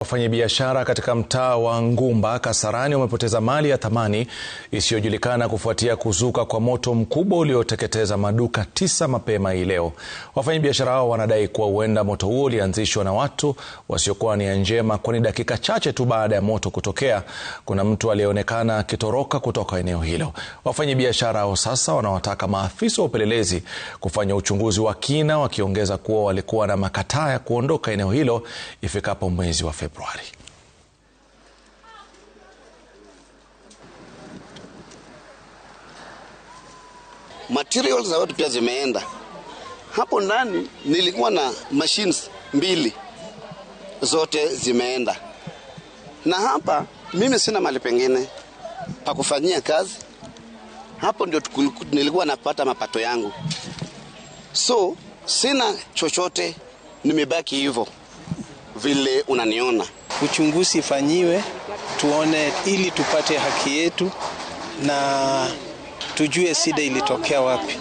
Wafanyabiashara katika mtaa wa Ngumba Kasarani wamepoteza mali ya thamani isiyojulikana kufuatia kuzuka kwa moto mkubwa ulioteketeza maduka tisa mapema hii leo. Wafanyabiashara hao wanadai kuwa huenda moto huo ulianzishwa na watu wasiokuwa nia njema, kwani dakika chache tu baada ya moto kutokea, kuna mtu aliyeonekana akitoroka kutoka eneo hilo. Wafanyabiashara hao sasa wanawataka maafisa wa upelelezi kufanya uchunguzi wa kina, wakiongeza kuwa walikuwa na makataa ya kuondoka eneo hilo ifikapo mwezi wa Februari. Februari. Materials za watu pia zimeenda. Hapo ndani nilikuwa na machines mbili, zote zimeenda, na hapa mimi sina mali pengine pa kufanyia kazi. Hapo ndio nilikuwa napata mapato yangu, so sina chochote, nimebaki hivyo vile unaniona. Uchunguzi ifanyiwe tuone, ili tupate haki yetu na tujue shida ilitokea wapi.